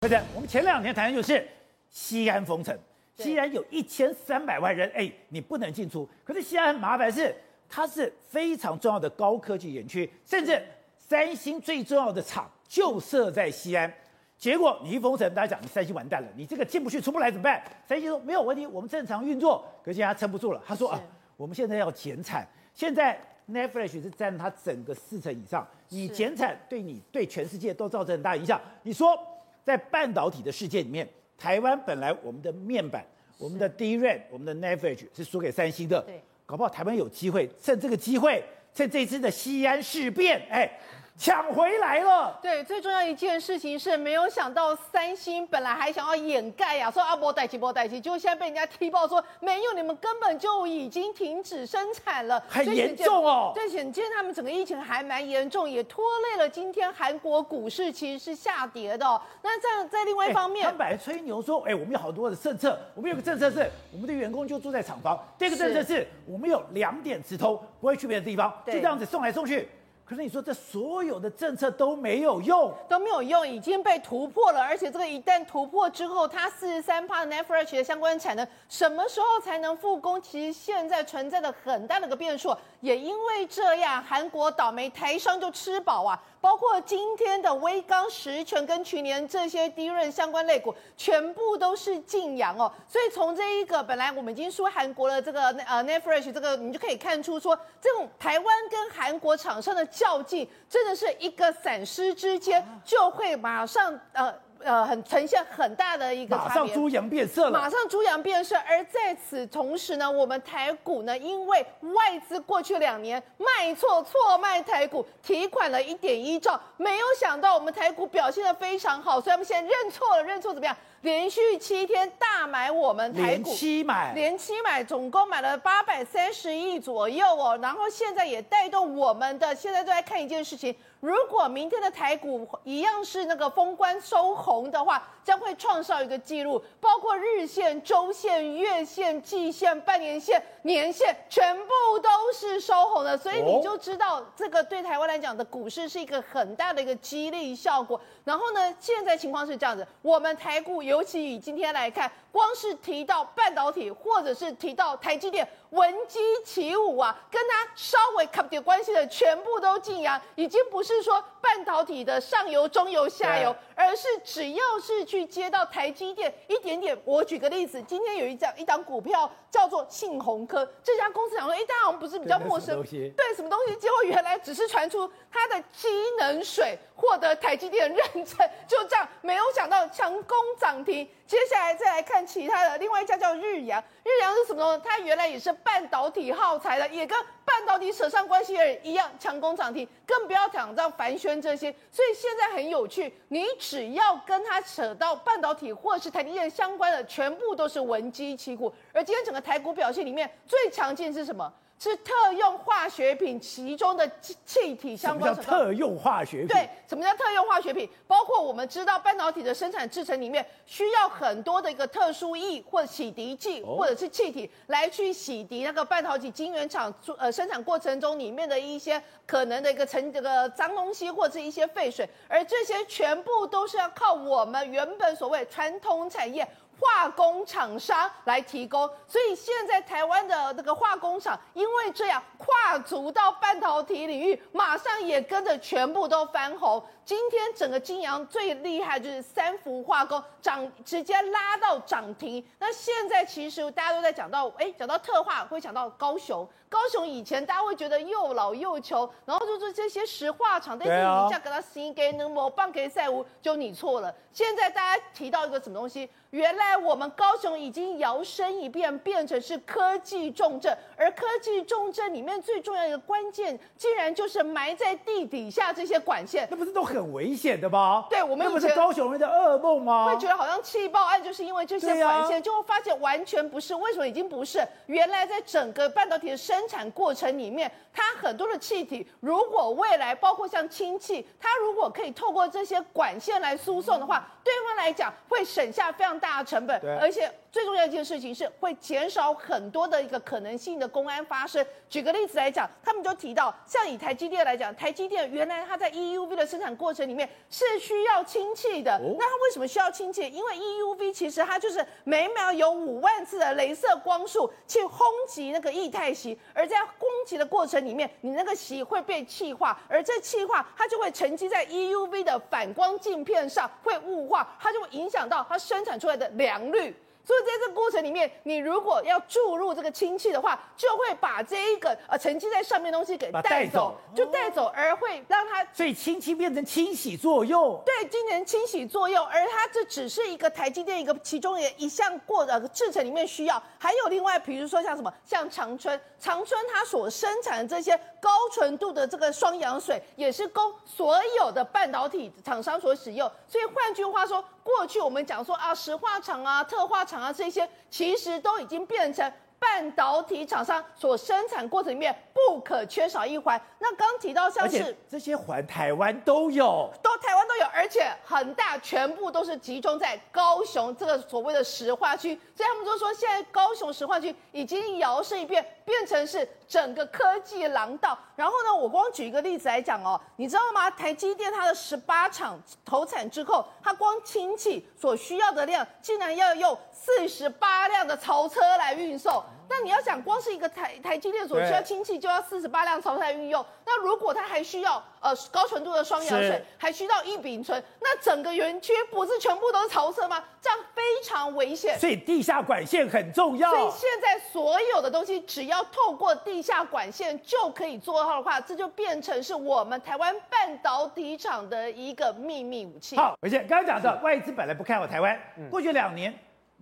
不是，我們前兩天談的就是西安封城。對西安有一千三百萬人，哎，你不能進出。可是西安麻煩是，它是非常重要的高科技園區，甚至三星最重要的廠就設在西安。結果你一封城，大家講你三星完蛋了，你這個進不去、出不來怎麼辦？三星說沒有問題，我們正常運作。可是現在他撐不住了，他說是啊，我們現在要減產。現在 NAND Flash 是佔它整個四成以上，你減產對你，是對，你對全世界都造成很大影響。你說？在半導體的世界裡面，台灣本來我們的面板、是我們的 DRAM 我們的 NVAGE 是輸給三星的，對搞不好台灣有機會趁這個機會，在這次的西安事變，哎、欸。搶回來了！對，最重要一件事情是沒有想到三星本來還想要掩蓋呀，說啊，無代誌，無代誌，結果現在被人家踢爆說沒有，你們根本就已經停止生產了，很嚴重哦。對，顯見他們整個疫情還蠻嚴重，也拖累了今天韓國股市其實是下跌的，哦。那這樣在另外一方面，欸、他們本來吹牛說，哎，我們有好多的政策，我們有個政策是我們的員工就住在廠房，這個政策是我們有兩點直通，不會去別的地方，就這樣子送來送去。可是你說這所有的政策都沒有用，都沒有用，已經被突破了。而且這個一旦突破之後，它四十三趴的 NAND Flash 的相關產能，什麼時候才能復工？其實現在存在的很大的一個變數，也因為這樣，韓國倒霉，台商就吃飽啊。包括今天的威剛十銓跟去年這些低潤相關類股，全部都是勁揚哦。所以從這一個本來我們已經說韓國了，這個呃 NAND Flash 這個你就可以看出，說這種台灣跟韓國廠商的較勁，真的是一個閃失之間就會馬上呃。呃，很呈現很大的一個差別，馬上豬羊變色了，馬上豬羊變色。而在此同時呢，我們台股呢，因為外資過去兩年賣錯錯賣台股，提款了一點一兆，沒有想到我們台股表現得非常好，所以我們現在認錯了，認錯怎麼樣？連續七天大買我們台股，連七買，連七買，總共買了八百三十億左右哦。然後現在也帶動我們的，現在都在看一件事情。如果明天的台股一樣是那個封關收紅的話，將會創造一個記錄，包括日線、週線、月線、季線、半年線、年線全部都是收紅的。所以你就知道這個對台灣來講的股市是一個很大的一個激勵效果。然後呢，現在情況是這樣子，我們台股。尤其以今天來看，光是提到半導體，或者是提到台積電，聞雞起舞啊，跟他稍微有點關係的，全部都勁揚。已經不是說半導體的上游、中游、下游，對而是只要是去接到台積電一點點。我舉個例子，今天有一張一檔股票叫做信紘科，這家公司想說，哎、欸，大家我們不是比較陌生，對，什麼，對什麼東西？結果原來只是傳出它的機能水獲得台積電認證，就這樣，沒有想到成功漲。接下來再來看其他的，另外一家叫日陽，日陽是什麼呢？它原來也是半導體耗材的，也跟半導體扯上關係的人一樣，強攻漲停，更不要講到帆宣這些。所以現在很有趣，你只要跟它扯到半導體或者是台積電相關的，全部都是聞雞起舞。而今天整個台股表現裡面最強勁的是什麼？是特用化學品，其中的氣氣體相關什。什麼叫特用化學品？對，什麼叫特用化學品？包括我們知道半導體的生產制程裡面需要很多的一個特殊液或洗滌劑或者是氣體來去洗滌那個半導體晶圓廠呃生產過程中裡面的一些可能的一個塵這個髒東西或者一些廢水，而這些全部都是要靠我們原本所謂傳統產業。化工廠商來提供，所以現在台灣的那個化工廠，因為這樣跨足到半導體領域，馬上也跟着全部都翻紅。今天整個金陽最厲害就是三福化工漲，直接拉到漲停。那現在其實大家都在講到，哎，講到特化會講到高雄。高雄以前大家會覺得又老又窮，然後就是這些石化廠。對啊。但是給他新給能摩半給賽烏，就你錯了。現在大家提到一個什麼東西？原來我們高雄已經搖身一變，變成是科技重鎮。而科技重鎮裡面最重要一個關鍵，竟然就是埋在地底下這些管線。那不是都很？很危險的吧？對，我們又不是高雄人的噩夢嗎？會覺得好像氣爆案就是因為這些管線，就會發現完全不是。為什麼已經不是？原來在整個半導體的生產過程裡面，它很多的氣體，如果未來包括像氫氣，它如果可以透過這些管線來輸送的話，對方來講會省下非常大的成本，而且。最重要一件事情是會減少很多的一個可能性的公安發生。舉個例子來講，他們就提到，像以台積電來講，台積電原來它在 EUV 的生產過程裡面是需要氫氣的。那它為什麼需要氫氣？因為 EUV 其實它就是每秒有五萬次的鐳射光束去轟擊那個液態錫，而在轟擊的過程裡面，你那個錫會被氣化，而這氣化它就會沉積在 EUV 的反光鏡片上，會霧化，它就會影響到它生產出來的良率。所以在這個過程裡面，你如果要注入這個氫氣的話，就會把這一個呃沉積在上面的東西給帶走，就帶走，走而會讓它、哦、所以氫氣變成清洗作用。對，進行清洗作用。而它這只是一個台積電一個其中一的一項過呃製程裡面需要。還有另外，比如說像什麼，像長春，長春它所生產的這些高純度的這個雙氧水，也是供所有的半導體廠商所使用。所以換句話說。過去我們講說啊，石化廠啊、特化廠啊這些，其實都已經變成。半導體廠商所生產過程裡面不可缺少一環，那剛提到像是這些環台灣都有，都台灣都有，而且很大，全部都是集中在高雄這個所謂的石化區。所以他們就說，現在高雄石化區已經搖身一變，變成是整個科技廊道。然後呢，我光舉一個例子來講哦，你知道嗎？台積電它的十八廠投產之後，它光氫氣所需要的量，竟然要用四十八輛的槽車來運送。那你要想，光是一個台台積電所需要氫氣就要四十八輛槽車運用。對那如果它還需要呃高純度的雙氧水，是還需要異丙醇，那整個園區不是全部都是槽車嗎？這樣非常危險。所以地下管線很重要。所以現在所有的東西只要透過地下管線就可以做到的話，這就變成是我們台灣半導體廠的一個秘密武器。好，而且剛剛講到是外資本來不看好台灣，嗯、過去兩年。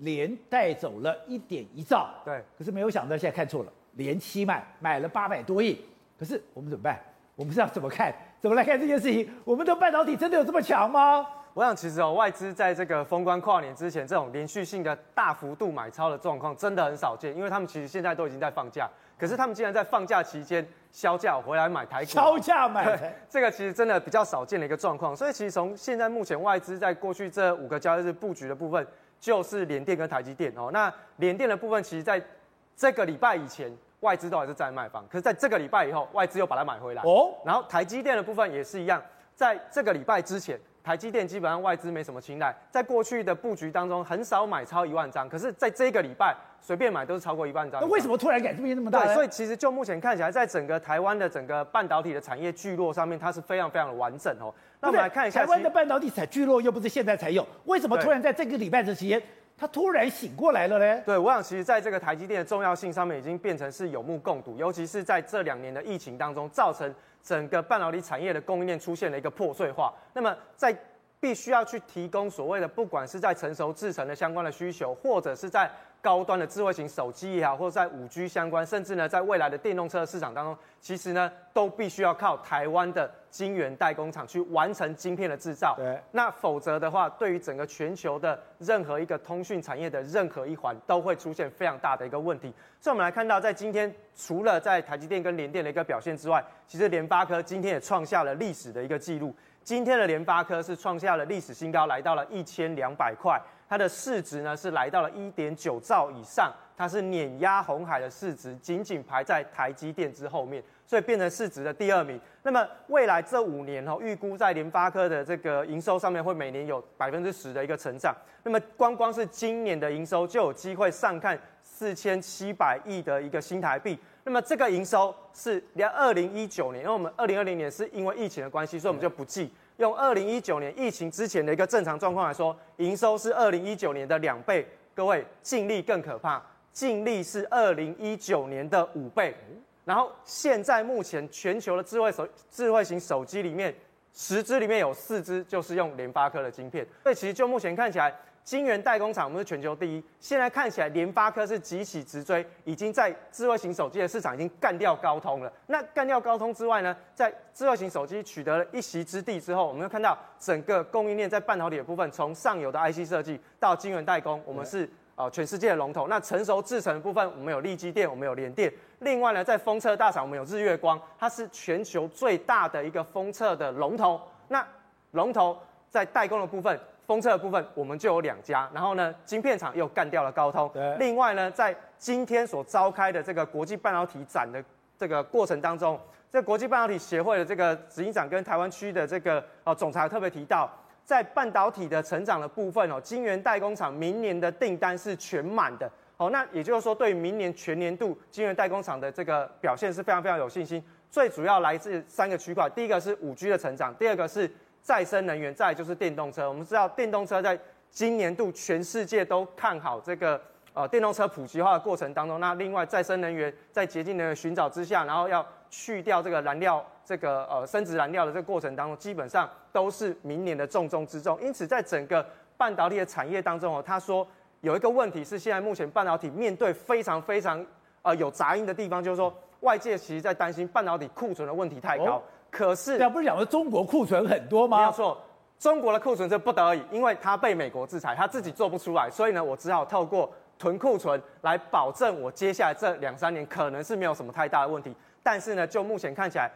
連帶走了一點一兆，對，可是沒有想到現在看錯了，連七買,買了八百多億，可是我們怎麼辦？我們是要怎麼看？怎麼來看這件事情？我們的半導體真的有這麼強嗎？我想，其實哦，外資在這個封關跨年之前，這種連續性的大幅度買超的狀況真的很少見，因為他們其實現在都已經在放假，可是他們竟然在放假期間銷價回來買台股，銷價買台，這個其實真的比較少見的一個狀況。所以，其實從現在目前外資在過去這五個交易日布局的部分。就是聯電跟台積電哦，那聯電的部分，其實在這個禮拜以前，外資都還是在賣房，可是在這個禮拜以後，外資又把它買回來。哦，然後台積電的部分也是一樣，在這個禮拜之前。台積電基本上外資沒什麼青睞，在過去的布局當中很少買超一萬張，可是在這個禮拜隨便買都是超過一萬張。那為什麼突然改變這麼大？對，所以其實就目前看起來，在整個台灣的整個半導體的產業聚落上面，它是非常非常的完整哦。那我們來看一下，台灣的半導體產業聚落又不是現在才有，為什麼突然在這個禮拜的時間，對它突然醒過來了呢？對，我想其實在這個台積電的重要性上面已經變成是有目共睹，尤其是在這兩年的疫情當中造成。整個半導體產業的供應鏈出現了一個破碎化，那麼在必須要去提供所謂的，不管是在成熟製程的相關的需求，或者是在，高端的智慧型手機也好，或者在五 G 相關，甚至呢，在未來的電動車市場當中，其實呢，都必須要靠台灣的晶圓代工廠去完成晶片的制造。對，那否則的話，對於整個全球的任何一個通訊產業的任何一環，都會出現非常大的一個問題。所以，我們來看到，在今天，除了在台積電跟聯電的一個表現之外，其實聯發科今天也創下了歷史的一個記錄。今天的聯發科是創下了歷史新高，來到了一千兩百塊。它的市值呢，是來到了一點九兆以上，它是碾壓鴻海的市值，僅僅排在台積電之後面，所以變成市值的第二名。那麼未來這五年哦，預估在聯發科的這個營收上面會每年有百分之十的一個成長。那麼光光是今年的營收就有機會上看四千七百億的一個新台幣。那麼這個營收是連二零一九年，因為我們二零二零年是因為疫情的關係，所以我們就不計。嗯用二零一九年疫情之前的一個正常狀況來說，營收是二零一九年的兩倍，各位，淨利更可怕，淨利是二零一九年的五倍。嗯、然後現在目前全球的智慧手智慧型手機裡面，十支裡面有四支就是用聯發科的晶片。所以其實就目前看起來。晶圓代工廠，我們是全球第一。現在看起來，聯發科是急起直追，已經在智慧型手機的市場已經幹掉高通了。那幹掉高通之外呢，在智慧型手機取得了一席之地之後，我們會看到整個供應鏈在半導體的部分，從上游的 IC 設計到晶圓代工，我們是、呃、全世界的龍頭。那成熟製程的部分，我們有力積電，我們有聯電。另外呢，在封測大廠，我們有日月光，它是全球最大的一個封測的龍頭。那龍頭在代工的部分，封測的部分，我們就有兩家，然後呢，晶片廠又幹掉了高通。對另外呢，在今天所召開的這個國際半導體展的這個過程當中，在、這個、國際半導體協會的這個執行長跟台灣區的這個呃總裁特別提到，在半導體的成長的部分哦，晶圓代工廠明年的訂單是全滿的。哦，那也就是說，對於明年全年度晶圓代工廠的這個表現是非常非常有信心。最主要來自三個區塊，第一個是五 G 的成長，第二個是。再生能源，再就是電動車。我們知道電動車在今年度全世界都看好這個呃電動車普及化的過程當中，那另外再生能源在潔淨能源尋找之下，然後要去掉這個燃料這個呃升值燃料的這個過程當中，基本上都是明年的重中之重。因此，在整個半導體的產業當中哦，他說有一個問題是現在目前半導體面對非常非常呃有雜音的地方，就是說外界其實在擔心半導體庫存的問題太高。哦可是，那、啊、不是講說中國庫存很多嗎？沒有錯，中國的庫存是不得已，因為它被美國制裁，它自己做不出來，所以呢，我只好透過囤庫存來保證我接下來這兩三年可能是沒有什麼太大的問題。但是呢，就目前看起來，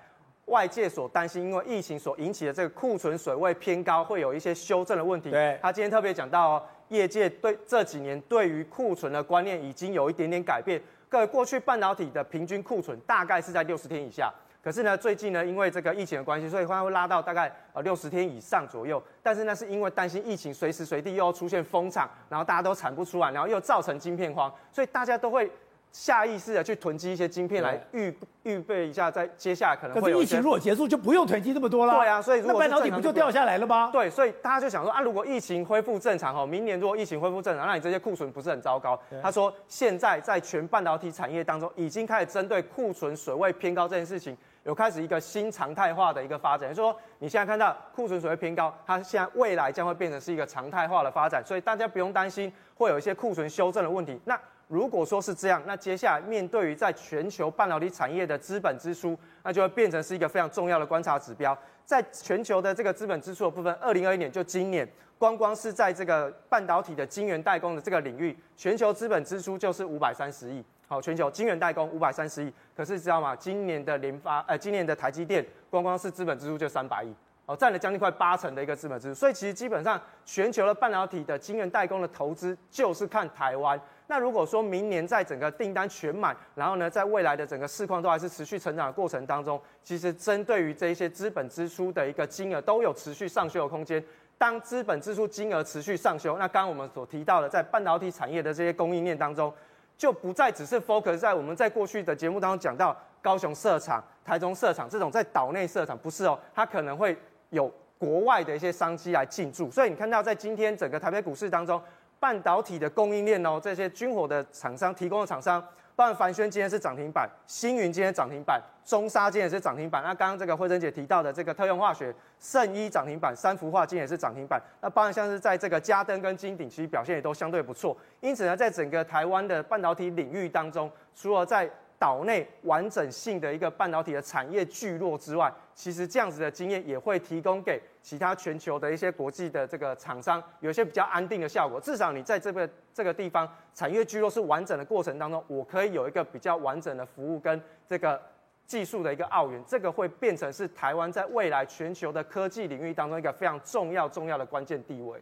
外界所擔心因為疫情所引起的這個庫存水位偏高，會有一些修正的問題。對，他今天特別講到哦，業界對這幾年對於庫存的觀念已經有一點點改變。各位，過去半導體的平均庫存大概是在六十天以下。可是呢，最近呢，因為這個疫情的關係，所以會拉到大概呃六十天以上左右。但是呢，是因為擔心疫情隨時隨地又要出現封廠，然後大家都產不出來，然後又造成晶片荒，所以大家都會。下意識的去囤積一些晶片來預備對預備一下，在接下來可能會有。可是疫情如果結束，就不用囤積這麼多了。對啊，所以如果那半導體不就掉下來了嗎？對，所以大家就想說啊，如果疫情恢復正常，明年如果疫情恢復正常，那你這些庫存不是很糟糕？對他說現在在全半導體產業當中，已經開始針對庫存水位偏高這件事情，有開始一個新常態化的一個發展，就是說你現在看到庫存水位偏高，它現在未來將會變成是一個常態化的發展，所以大家不用擔心會有一些庫存修正的問題。那。如果說是這樣，那接下來面對於在全球半導體產業的資本支出，那就會變成是一個非常重要的觀察指標。在全球的這個資本支出的部分，二零二一年就今年，光光是在這個半導體的晶圓代工的這個領域，全球資本支出就是五百三十億。好，全球晶圓代工五百三十億。可是你知道嗎？今年的聯發呃，今年的台積電，光光是資本支出就三百億，好，占了將近快八成的一個資本支出。所以其實基本上全球的半導體的晶圓代工的投資，就是看台灣。那如果說明年在整個訂單全滿，然後呢，在未來的整個市況都還是持續成長的過程當中，其實針對於這一些資本支出的一個金額都有持續上修的空間。當資本支出金額持續上修，那剛剛我們所提到的，在半導體產業的這些供應鏈當中，就不再只是 focus 在我們在過去的節目當中講到高雄設廠、台中設廠這種在島內設廠，不是哦，它可能會有國外的一些商機來進駐。所以你看到在今天整個台北股市當中。半導體的供應鏈哦，這些軍火的廠商提供的廠商，包含帆宣今天是漲停板，辛耘今天漲停板，中砂今天也是漲停板。那剛剛這個惠珍姐提到的這個特用化學、勝一漲停板、三福化今天也是漲停板。那包含像是在這個家登跟京鼎，其實表現也都相對不錯。因此呢，在整個台灣的半導體領域當中，除了在島內完整性的一個半導體的產業聚落之外，其實這樣子的經驗也會提供給其他全球的一些國際的這個廠商，有一些比較安定的效果。至少你在這個這個地方產業聚落是完整的過程當中，我可以有一個比較完整的服務跟這個技術的一個奧援，這個會變成是台灣在未來全球的科技領域當中一個非常重要重要的關鍵地位。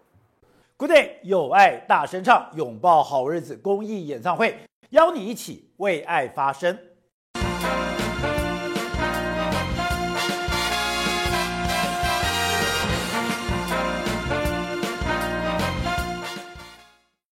Good day，有愛大聲唱，擁抱好日子公益演唱會。邀你一起為愛發聲。